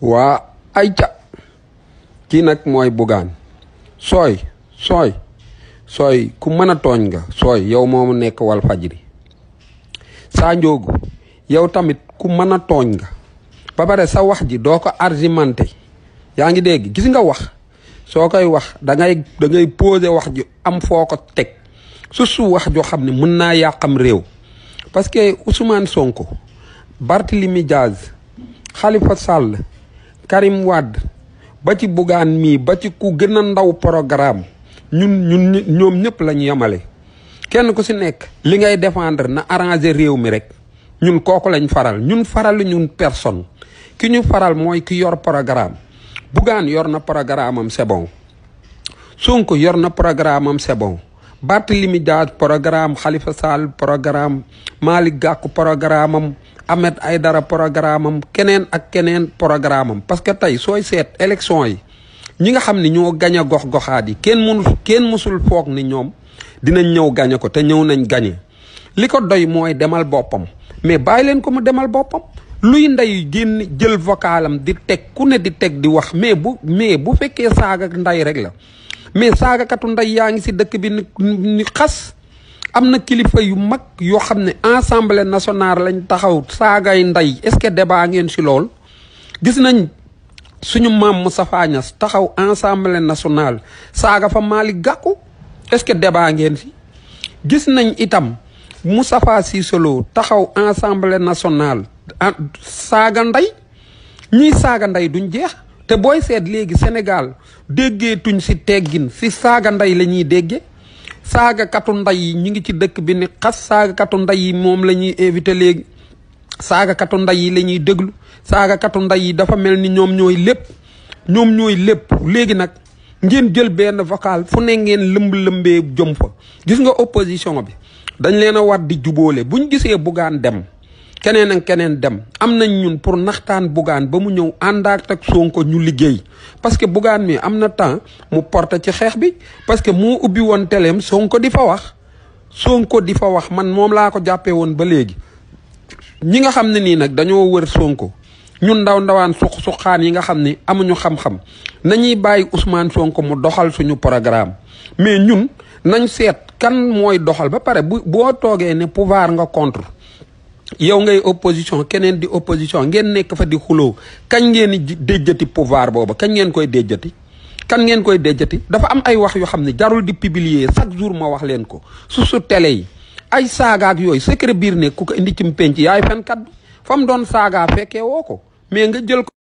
waa ay ca kii nag mooy bugaan sooy sooy sooy ku mën a tooñ nga sooy yow moomu nekk wal fajri saa njoogu yow tamit ku mën a tooñ nga ba pare sa wax ji doo ko argumenté yaa ngi dégg gis nga wax soo koy wax dangay dangay da wax ji am foo ko teg su su wax joo xam ne mën naa yàqam réew parce que Ousmane Sonko Barthélemy Diaz Khalifa Sall Karim Wade ba ci Bougane mii ba ci ku gën ndaw programme ñun ñun ñoom ñëpp lañu ñu yemale kenn ku si nekk li ngay défendre na arranger réew mi rek ñun kooku lañ faral ñun faral ñun personne ki ñu faral mooy ki yor programme Bougane yor na programme am c'est bon yor na programme am c'est bon Barthélémy Dias programme Khalifa Sall programme Malick Gakou programme Ahmed Aïdara programme am keneen ak keneen programme am parce que tey sooy seet élection yi ñi nga xam ni ñoo gañ a gox-goxaat yi kenn mënu kenn mësul foog ni ñoom dinañ ñëw gañe ko te ñëw nañ gañe li ko doy mooy demal boppam mais bàyyi leen ko mu demal boppam luy ndey génn jël vocalam di teg ku ne di teg di wax mais bu mais bu fekkee saaga ndey rek la mais saagakatu ndey yaa ngi si dëkk bi ni xas am na kilifa yu mag yoo xam ne assemblée nationale lañ taxaw saagay ndey est-ce que débat ngeen ci lool gis nañ suñu maam Moustapha Niasse taxaw assemblée nationale saaga fa Malick Gakou est-ce que débat ngeen ci gis nañ itam Moustapha Cissé Lo taxaw assemblée nationale ah, saaga ndey ñiy saaga ndey duñ jeex te booy seet léegi Sénégal déggee tuñ ci teggin ci saaga ndey lañuy ñuy saagakatu nday yi ñu ngi ci dëkk bi ni xas saagakatu ndey yi moom la ñuy invité léegi saagakatu ndey yi la ñuy déglu saagakatu ndey yi dafa mel ni ñoom ñooy lépp ñoom ñooy lépp léegi nag ngeen jël benn vocal fu ne ngeen lëmb-lëmbee jom fa gis nga opposition bi dañ leen a war di bu ñu gisee buggaan dem keneen ak keneen dem am nañ ñun pour naxtaan Bougane ba mu ñëw àndaat ak Sonko ñu liggéey parce que Bougane mi am na temps mu porte ci xeex bi parce que moo ubbi woon teleem Sonko di fa wax Sonko di fa wax man moom laa ko jàppee woon ba léegi ñi nga xam ne nii nag dañoo wër Sonko ñun ndaw ndawaan suq suqaan yi nga xam ne amuñu xam-xam nañuy bàyyi Ousmane Sonko mu doxal suñu programme mais ñun nañ seet kan mooy doxal ba pare bu boo toogee ne pouvoir nga contre yow ngay opposition keneen di opposition ngeen nekk fa di xuloo kañ ngeen di déjjati pouvoir booba kañ ngeen koy déjjati kan ngeen koy déjjati dafa am ay wax yoo xam ne jarul di publier chaque jour ma wax leen ko su su télé yi ay saagaak yooyu secret biir ne ku ko indi ci penc yaay fenkat bi fa mu doon saagaa fekkee woo ko mais nga jël ko